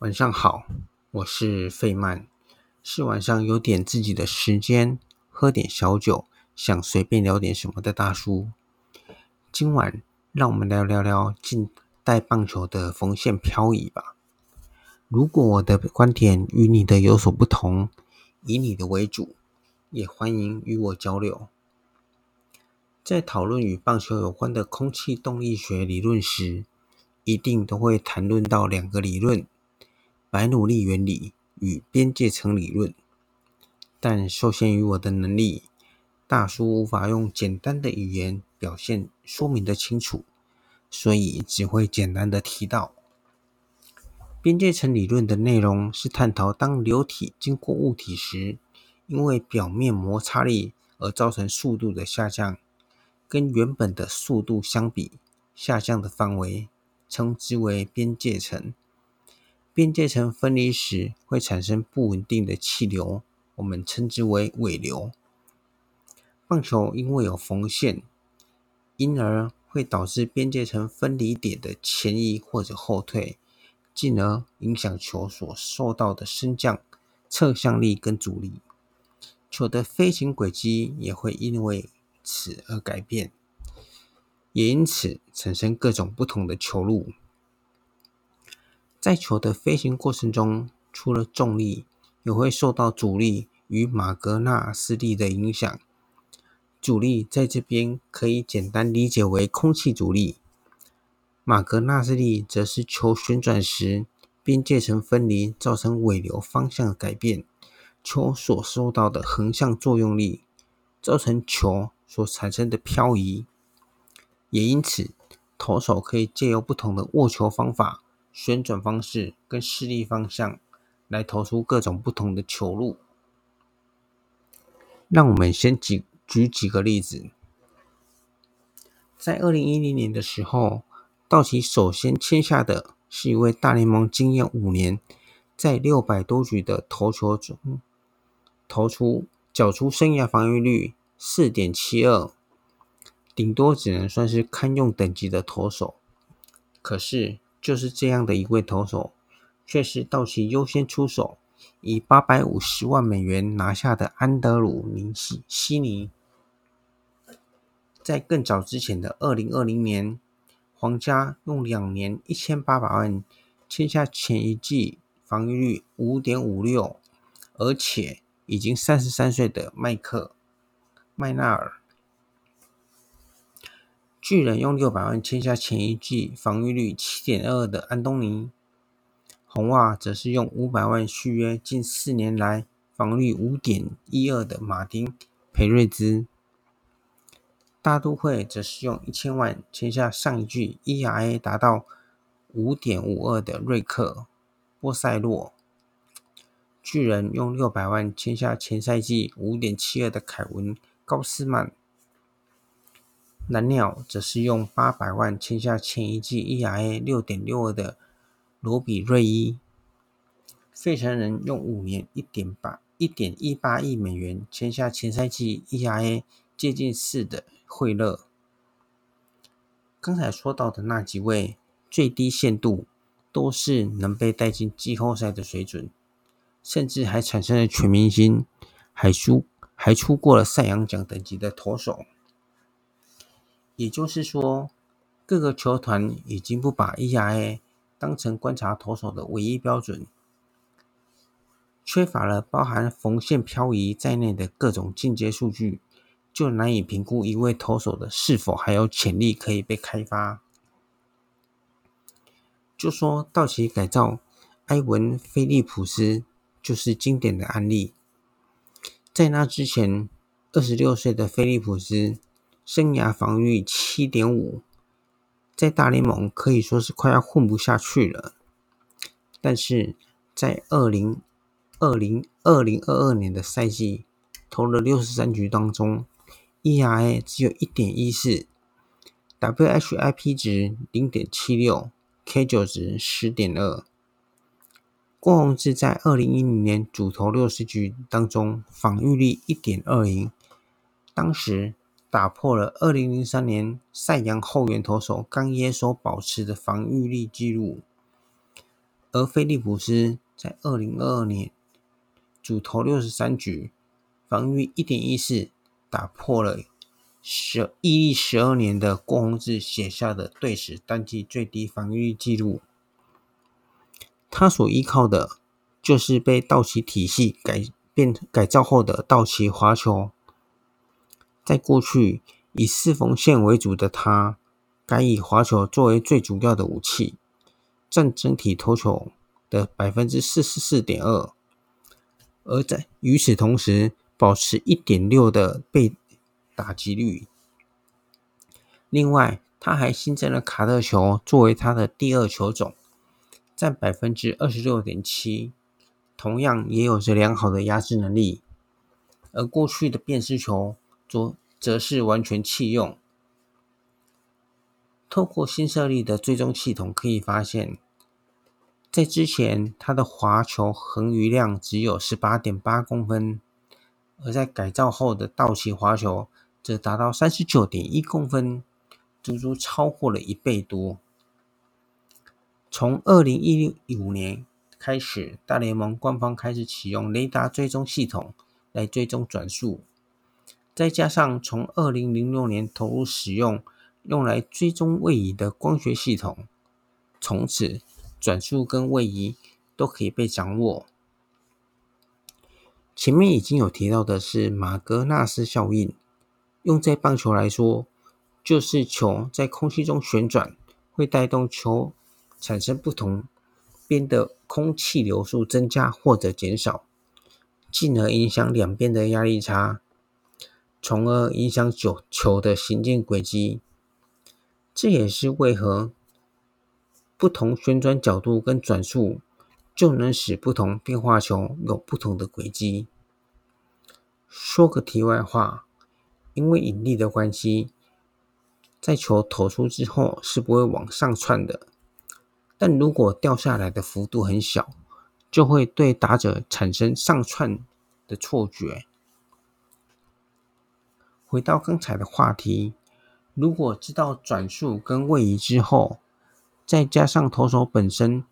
晚上好，我是費曼，是晚上有點自己的時間，喝點小酒，想隨便聊點什麼的大叔。今晚讓我們聊聊聊近代棒球的縫線飄移吧。如果我的觀點與你的有所不同，以你的為主，也歡迎與我交流。在討論與棒球有關的空氣動力學理論時，一定都會談論到兩個理論。白努力原理與邊界層理論，但受限於我的能力，大叔無法用簡單的語言表現說明的清楚，所以只會簡單的提到。邊界層理論的內容是探討當流體經過物體時，因為表面摩擦力而造成速度的下降，跟原本的速度相比，下降的範圍稱之為邊界層。邊界層分離時會產生不穩定的氣流，我們稱之為尾流。棒球因為有縫線，因而會導致邊界層分離點的前移或者後退，進而影響球所受到的升降、側向力跟阻力。球的飛行軌跡也會因為此而改變，也因此產生各種不同的球路。在球的飛行過程中，除了重力，也會受到阻力與馬格納斯力的影響。阻力在這邊可以簡單理解為空氣阻力，馬格納斯力則是球旋轉時邊界層分離造成尾流方向的改變，球所受到的橫向作用力，造成球所產生的飄移。也因此，投手可以借由不同的握球方法，旋轉方式跟施力方向來投出各種不同的球路。讓我們先舉舉幾個例子。在二零一零年的時候，道奇首先簽下的是一位大聯盟經驗五年，在六百多局的投球中投出繳出生涯防禦率四點七二，頂多只能算是堪用等級的投手。可是就是這樣的一位投手，卻是道奇優先出手，以八百五十萬美元拿下的安德魯·明西希尼。在更早之前的二零二零年，皇家用兩年一千八百萬簽下前一季防御率五點五六，而且已經三十三歲的麥克·麥納爾。巨人用六百萬簽下前一季防禦率七點二的安東尼，紅襪則是用五百萬續約近四年來防禦率五點一二的馬丁·佩瑞茲，大都會則是用一千萬簽下上一季 ERA 達到五點五二的瑞克·波塞洛，巨人用六百萬簽下前賽季五點七二的凱文·高斯曼。藍鳥則是用八百萬簽下前一季 ERA 六點六二的羅比瑞伊，費城人用五年一點八一點一八億美元簽下前賽季 ERA 接近四的惠勒。剛才說到的那幾位，最低限度都是能被帶進季後賽的水準，甚至還產生了全明星，還出還出過了賽揚獎等級的投手。也就是說，各個球團已經不把 ERA 當成觀察投手的唯一標準。缺乏了包含縫線漂移在內的各種進階數據，就難以評估一位投手的是否還有潛力可以被開發。就說道奇改造埃文·菲利普斯就是經典的案例。在那之前，二十六歲的菲利普斯。生涯防禦七點五，在大聯盟可以說是快要混不下去了。但是在二零二零二零二二年的賽季，投了六十三局當中，ERA 只有一點一四，WHIP 值零點七六，K 九值十點二。郭泓志在二零一零年主投六十局當中，防御率一點二零，當時。打破了二零零三年賽揚後援投手剛耶所保持的防禦力紀錄，而菲利普斯在二零二二年主投六十三局，防禦一點一四，打破了十一十二年的郭泓志寫下的隊史單季最低防禦力紀錄。他所依靠的就是被道奇體系改變改造後的道奇滑球。在過去以四縫線為主的他，改以滑球作為最主要的武器，佔整體投球的百分之四十四點二，而在與此同時保持一點六的被打擊率。另外，他還新增了卡特球作為他的第二球種，佔百分之二十六點七，同樣也有着良好的壓制能力。而過去的變式球。則則是完全棄用。透過新設立的追蹤系統，可以發現，在之前，它的滑球橫餘量只有十八點八公分，而在改造後的道奇滑球則達到三十九點一公分，足足超過了一倍多。從二零一五年開始，大聯盟官方開始啟用雷達追蹤系統來追蹤轉速。再加上從二零零六年投入使用，用來追蹤位移的光學系統，從此轉速跟位移都可以被掌握。前面已經有提到的是馬格納斯效應，用在棒球來說，就是球在空氣中旋轉，會帶動球產生不同邊的空氣流速增加或者減少，進而影響兩邊的壓力差。從而影響球的行進軌跡。這也是為何不同旋轉角度跟轉速就能使不同變化球有不同的軌跡。說個題外話，因為引力的關係，在球投出之後是不會往上竄的。但如果掉下來的幅度很小，就會對打者產生上竄的錯覺。回到剛才的話題，如果知道轉速跟位移之後，再加上投手本身，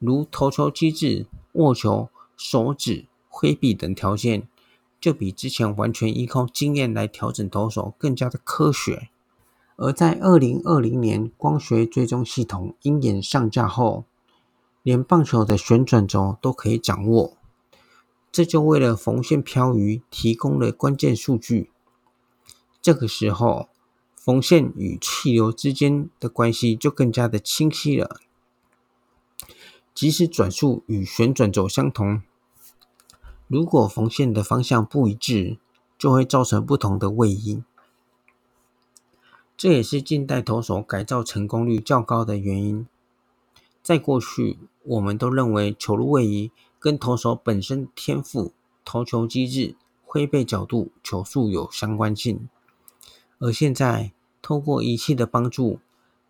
如投球機制、握球、手指、揮臂等條件，就比之前完全依靠經驗來調整投手更加的科學。而在二零二零年光學追蹤系統鷹眼上架後，連棒球的旋轉軸都可以掌握，這就為了縫線飄移提供了關鍵數據。這個時候，縫線與氣流之間的關係就更加的清晰了。即使轉速與旋轉軸相同，如果縫線的方向不一致，就會造成不同的位移。這也是近代投手改造成功率較高的原因。在過去，我們都認為球路位移跟投手本身天賦、投球機制、揮背角度、球速有相關性。而現在，透過儀器的幫助，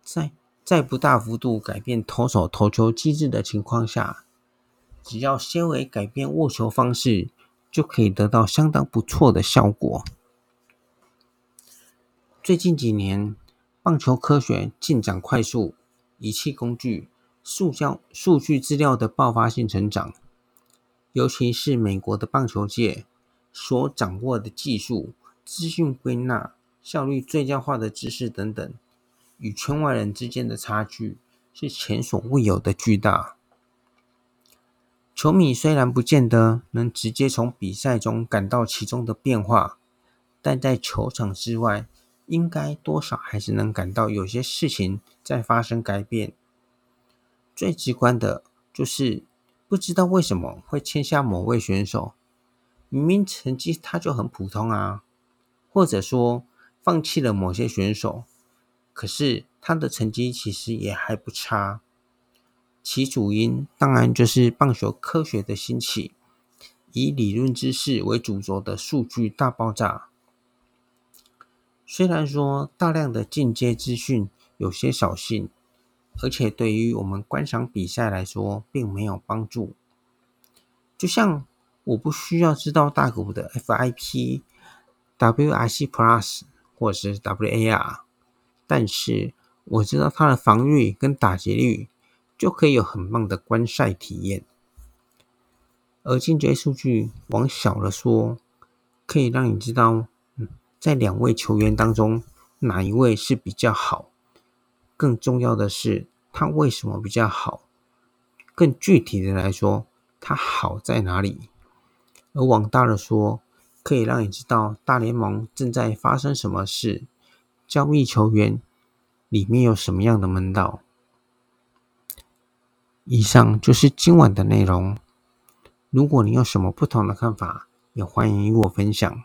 在，在不大幅度改變投手投球機制的情況下，只要稍微改變握球方式，就可以得到相當不錯的效果。最近幾年，棒球科學進展快速，儀器工具、塑膠、數據資料的爆發性成長，尤其是美國的棒球界所掌握的技術資訊歸納。效率最佳化的知識等等，與圈外人之間的差距是前所未有的巨大。球迷雖然不見得能直接從比賽中感到其中的變化，但在球場之外，應該多少還是能感到有些事情在發生改變。最直觀的就是，不知道為什麼會簽下某位選手，明明成績他就很普通啊，或者說。放棄了某些選手，可是他的成績其實也還不差。其主因當然就是棒球科學的興起，以理論知識為主軸的數據大爆炸。雖然說大量的進階資訊有些掃興，而且對於我們觀賞比賽來說並沒有幫助。就像我不需要知道大谷的 FIP、WRC、w i c Plus。或者是 WAR，但是我知道他的防禦跟打擊率就可以有很棒的觀賽體驗。而進階數據往小了說，可以讓你知道在兩位球員當中哪一位是比較好。更重要的是，他為什麼比較好？更具體的來說，他好在哪裡？而往大了說，可以讓你知道大聯盟正在發生什麼事，交易球員裡面有什麼樣的門道。以上就是今晚的內容。如果你有什麼不同的看法，也歡迎與我分享。